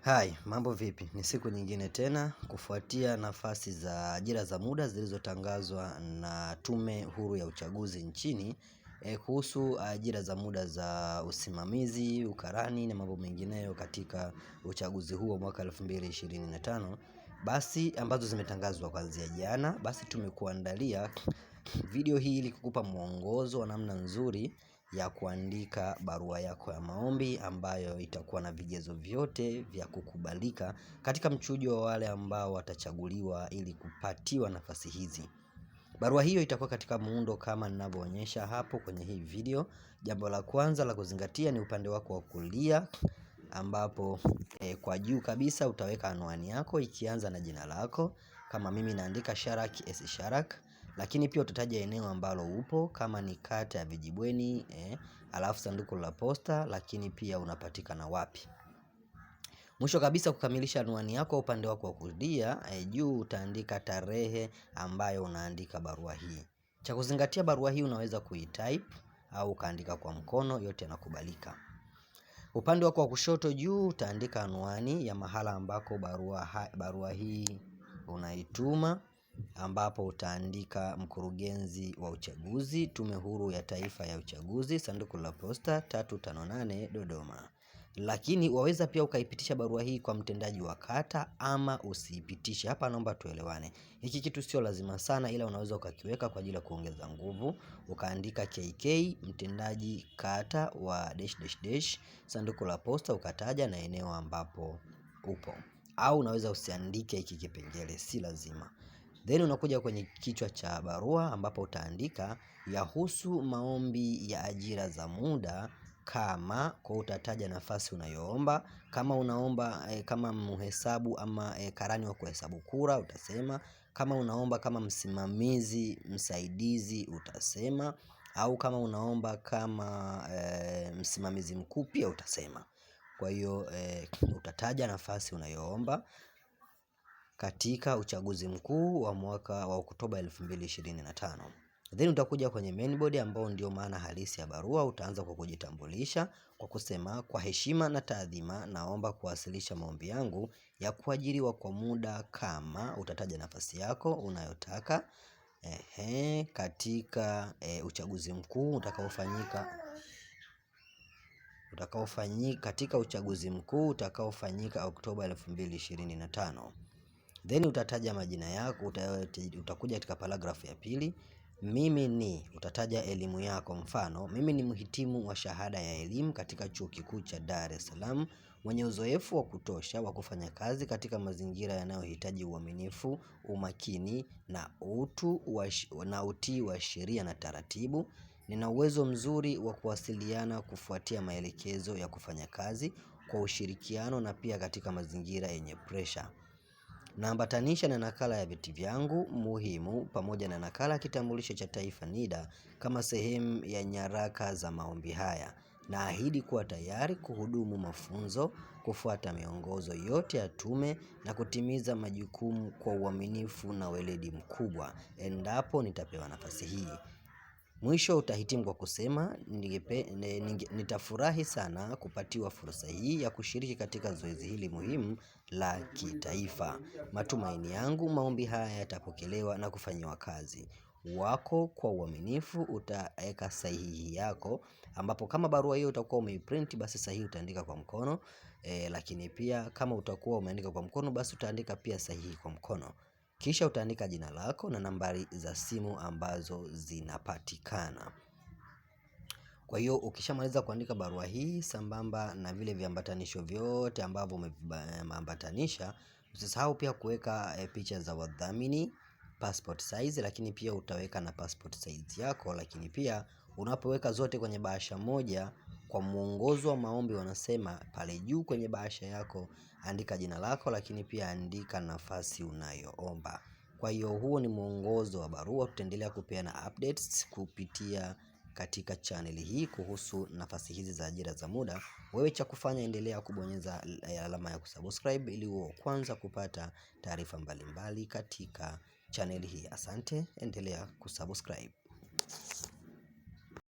Hai, mambo vipi? Ni siku nyingine tena kufuatia nafasi za ajira za muda zilizotangazwa na tume huru ya uchaguzi nchini eh, kuhusu ajira za muda za usimamizi, ukarani na mambo mengineyo katika uchaguzi huo mwaka 2025 Basi ambazo zimetangazwa kuanzia jana Basi tumekuandalia video hii ili kukupa mwongozo wa namna nzuri ya kuandika barua yako ya maombi ambayo itakuwa na vigezo vyote vya kukubalika katika mchujo wa wale ambao watachaguliwa ili kupatiwa nafasi hizi. Barua hiyo itakuwa katika muundo kama ninavyoonyesha hapo kwenye hii video. Jambo la kwanza la kuzingatia ni upande wako wa kulia ambapo eh, kwa juu kabisa utaweka anwani yako ikianza na jina lako kama mimi naandika Sharak S Sharak lakini pia utataja eneo ambalo upo kama ni kata ya vijibweni eh, alafu sanduku la posta lakini pia unapatikana wapi. Mwisho kabisa kukamilisha anwani yako upande wako wa kulia eh, juu utaandika tarehe ambayo unaandika barua hii. Cha kuzingatia barua hii unaweza kuitype au ukaandika kwa mkono yote yanakubalika. Upande wako wa kushoto juu utaandika anwani ya mahala ambako barua hii unaituma ambapo utaandika mkurugenzi wa uchaguzi tume huru ya taifa ya uchaguzi sanduku la posta 358 Dodoma. Lakini waweza pia ukaipitisha barua hii kwa mtendaji wa kata ama usiipitishe. Hapa naomba tuelewane. Hiki kitu sio lazima sana ila unaweza ukakiweka kwa ajili ya kuongeza nguvu. Ukaandika KK mtendaji kata wa dash dash dash sanduku la posta ukataja na eneo ambapo upo. Au unaweza usiandike hiki kipengele si lazima. Then unakuja kwenye kichwa cha barua ambapo utaandika yahusu maombi ya ajira za muda kama kwa utataja nafasi unayoomba kama unaomba eh, kama mhesabu ama eh, karani wa kuhesabu kura utasema kama unaomba kama msimamizi msaidizi utasema au kama unaomba kama eh, msimamizi mkuu pia utasema Kwa hiyo utataja nafasi unayoomba katika uchaguzi mkuu wa mwaka wa oktoba 2025 Then utakuja kwenye board ambao ndio maana halisi ya barua. Utaanza kwa kujitambulisha kwa kusema, kwa heshima na taadhima, naomba kuwasilisha maombi yangu ya kuajiriwa kwa muda kama, utataja nafasi yako unayotaka ehe, katika e, uchaguzi mkuu utakaofanyika utakaofanyika katika uchaguzi mkuu utakaofanyika Oktoba 2025. Then utataja majina yako, utakuja katika paragrafu ya pili. Mimi ni utataja elimu yako, mfano mimi ni mhitimu wa shahada ya elimu katika chuo kikuu cha Dar es Salaam mwenye uzoefu wa kutosha wa kufanya kazi katika mazingira yanayohitaji uaminifu, umakini na utu na utii wa sheria na taratibu. Nina uwezo mzuri wa kuwasiliana kufuatia maelekezo ya kufanya kazi kwa ushirikiano na pia katika mazingira yenye presha. Naambatanisha na nakala ya vyeti vyangu muhimu pamoja na nakala ya kitambulisho cha taifa NIDA kama sehemu ya nyaraka za maombi haya. Naahidi kuwa tayari kuhudumu mafunzo, kufuata miongozo yote ya tume na kutimiza majukumu kwa uaminifu na weledi mkubwa. Endapo nitapewa nafasi hii. Mwisho utahitimu kwa kusema nitafurahi sana kupatiwa fursa hii ya kushiriki katika zoezi hili muhimu la kitaifa. Matumaini yangu maombi haya yatapokelewa na kufanyiwa kazi. Wako kwa uaminifu utaweka sahihi yako ambapo kama barua hiyo utakuwa umeiprint basi sahihi utaandika kwa mkono eh, Lakini pia kama utakuwa umeandika kwa mkono basi utaandika pia sahihi kwa mkono. Kisha utaandika jina lako na nambari za simu ambazo zinapatikana. Kwa hiyo ukishamaliza kuandika barua hii sambamba na vile viambatanisho vyote ambavyo umeambatanisha Usisahau pia kuweka eh, picha za wadhamini, passport size lakini pia utaweka na passport size yako Lakini pia unapoweka zote kwenye bahasha moja. Kwa mwongozo wa maombi wanasema pale juu kwenye bahasha yako andika jina lako lakini pia andika nafasi unayoomba. Kwa hiyo huo ni muongozo wa barua tutaendelea kupeana updates kupitia katika channel hii kuhusu nafasi hizi za ajira za muda. Wewe cha kufanya endelea kubonyeza alama ya kusubscribe ili uwe kwanza kupata taarifa mbalimbali katika channel hii. Asante endelea kusubscribe.